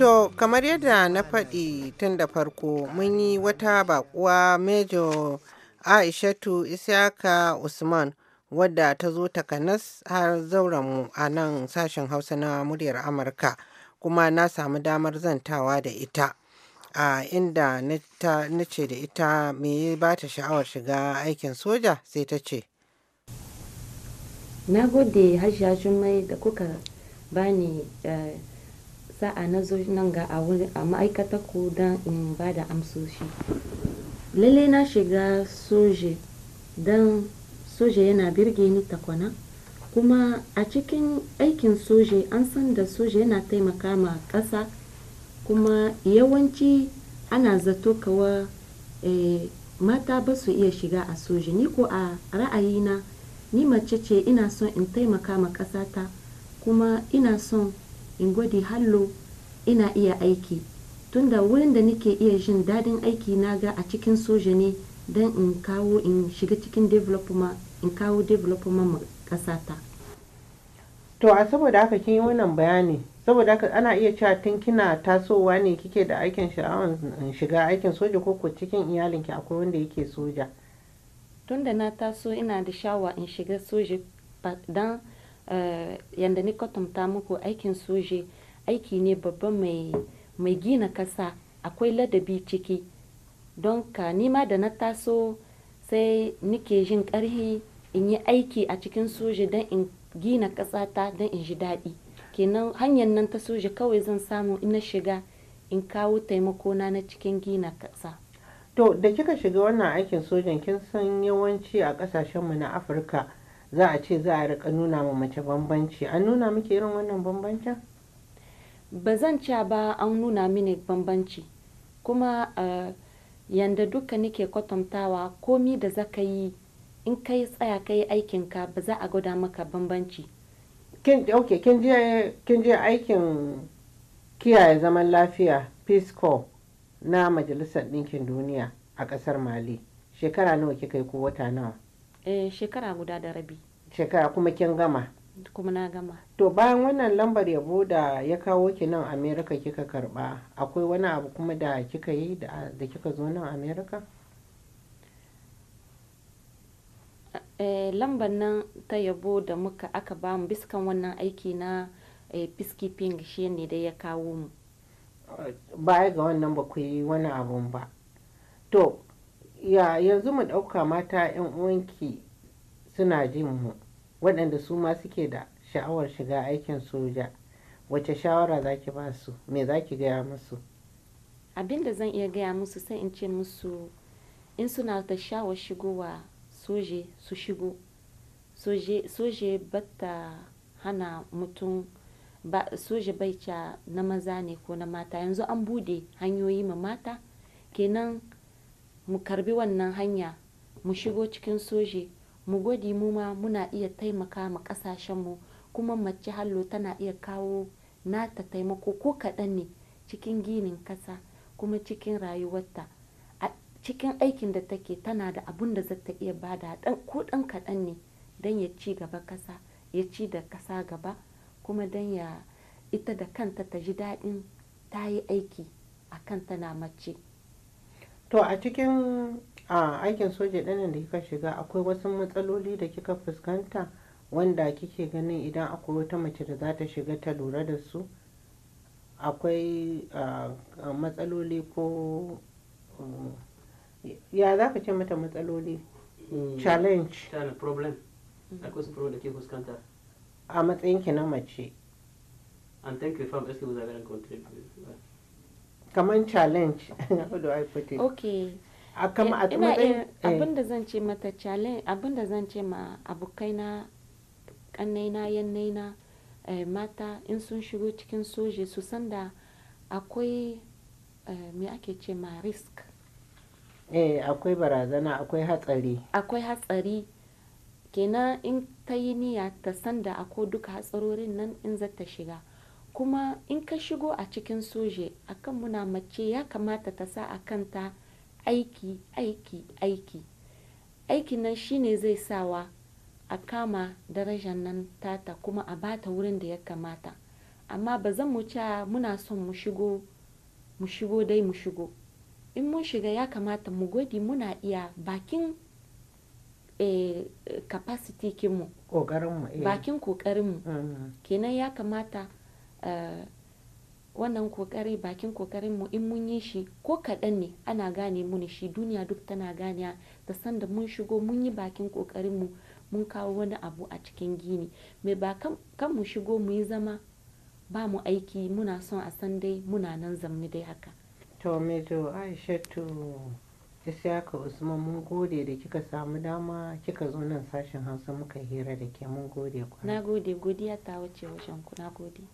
To kamar yadda na faɗi tun da farko mun yi wata bakuwa Mejo Aishatu Isaka Usman wadda ta zo takanas har zauranmu a nan sashen Hausa na muryar Amurka kuma na samu damar zantawa da ita. a inda na ce da ita me ba ta sha'awar shiga aikin soja sai ta ce na gode hajiya jummai da kuka bani eh, sa'a na zo nan ga a ma'aikatar ku don in ba da amsoshi lallai na shiga soje don soje yana birge ni takwana kuma a cikin aikin soje an san da soje yana taimaka ma ƙasa kuma yawanci ana zato kawa e, mata ba su iya shiga a soje ni ko a ra'ayina ni mace ce ina son in taimaka ma ƙasa ta kuma ina son in gwadi hallo ina iya aiki tunda wurin da nake iya jin daɗin aiki na ga a cikin soja ne don in kawo in shiga cikin in kawo development ƙasata to a saboda haka kin yi wannan bayani saboda haka ana iya cewa tun kina tasowa ne kike da aikin sha'awar shiga aikin soja ko ko cikin iyalinki akwai wanda yake soja tunda na taso ina da shawa in shiga soja don Eh, yanda ni kwatanta muku aikin soje aiki ne babba mai gina kasa akwai ladabi ciki don ka nima da na taso sai nike jin karhi in yi aiki a cikin soje don in gina ta don in ji daɗi kenan hanyar nan ta soje kawai zan samu ina shiga in kawo taimakona na cikin gina kasa to da kika shiga wannan aikin sojan kin san yawanci a kasashenmu na afirka za a ce za a rika nuna ma mace bambanci an nuna muke irin wannan bambancin ba zan ce ba an nuna mini bambanci kuma yadda eh, yanda duka nike kwatantawa komi da za ka yi in ka yi tsaya ka yi aikinka ba za a gwada maka bambanci ok kin je aikin kiyaye zaman lafiya peace corps na majalisar ɗinkin duniya a ƙasar mali shekara nawa kika yi ko wata nawa eh shekara guda da rabi shekara kuma kin gama kuma na gama to bayan wannan lambar yabo da ya kawo ki nan america kika karba akwai wani abu kuma da kika yi da kika zo nan america eh, lambar nan ta yabo da muka aka ba mu biskan wannan aiki na eh, peacekeeping shi ne da ya kawo mu baya ga wannan ba ku yi wani abun ba to ya yanzu mu ɗauka mata 'yan uwanki suna jin mu waɗanda su ma suke da sha'awar shiga aikin soja wace shawara za ki ba su me za ki gaya musu abin da zan iya gaya musu sai in ce musu in suna ta sha'awar shigowa soje su shigo soje bata hana mutum ba soje bai ca na maza ne ko na mata yanzu an bude hanyoyi ma mata kenan mu karbi wannan hanya mu shigo cikin soje mu gwadi mu ma muna iya taimaka ma kasashenmu kuma mace hallo tana iya kawo nata taimako ko kaɗan ne cikin ginin kasa kuma cikin rayuwarta a cikin aikin da take tana da abun da zata iya bada ko ɗan kaɗan ne don ya ci gaba kasa ya ci da kasa gaba kuma don ya ita da kanta ta ji daɗin ta yi aiki a kan tana mace to a cikin aikin soja ɗanin da kika shiga akwai wasu matsaloli da kika fuskanta wanda kike ganin idan akwai wata mace da za ta shiga ta lura da su akwai matsaloli ko um, ya za ka ce mata matsaloli hmm. challenge problem akwai su problem da ke fuskanta a matsayin ki na mace and thank you for asking whether I contribute kaman challenge how do i put it okay a kama eh, a matsayin eh. abinda zan ce mata challenge abinda zan ce ma abokaina kannaina yannaina eh, mata in sun shigo cikin soje su san da akwai me ake ce ma risk eh akwai barazana akwai hatsari akwai hatsari kenan in ta yi niyya ta san da akwai duka hatsarorin nan in za ta shiga kuma in ka shigo a cikin soje akan muna mace ya kamata ta sa a kanta aiki aiki aiki aiki nan shine zai sawa a kama darajar nan tata kuma a bata wurin da ya kamata amma ba zan mu cewa muna son mu shigo mu shigo dai mu shigo in mun shiga ya kamata mu gode muna iya bakin eh, capacity kinmu eh. bakin kokarinmu mm, mm. kenan ya kamata Eh, wannan kokari bakin kokarin mu in mun yi shi ko kaɗan ne ana gane mu shi duniya duk tana gane da sanda mun shigo mun yi bakin kokarin mu mun kawo wani abu a cikin gini mai ba kan mu shigo mu yi zama ba mu aiki muna son a san dai muna nan zamni dai haka to to aishatu ka usman mun gode da kika samu dama kika zo nan sashen hausa muka hira da ke mun gode kwana na gode godiya ta wuce wajen ku na gode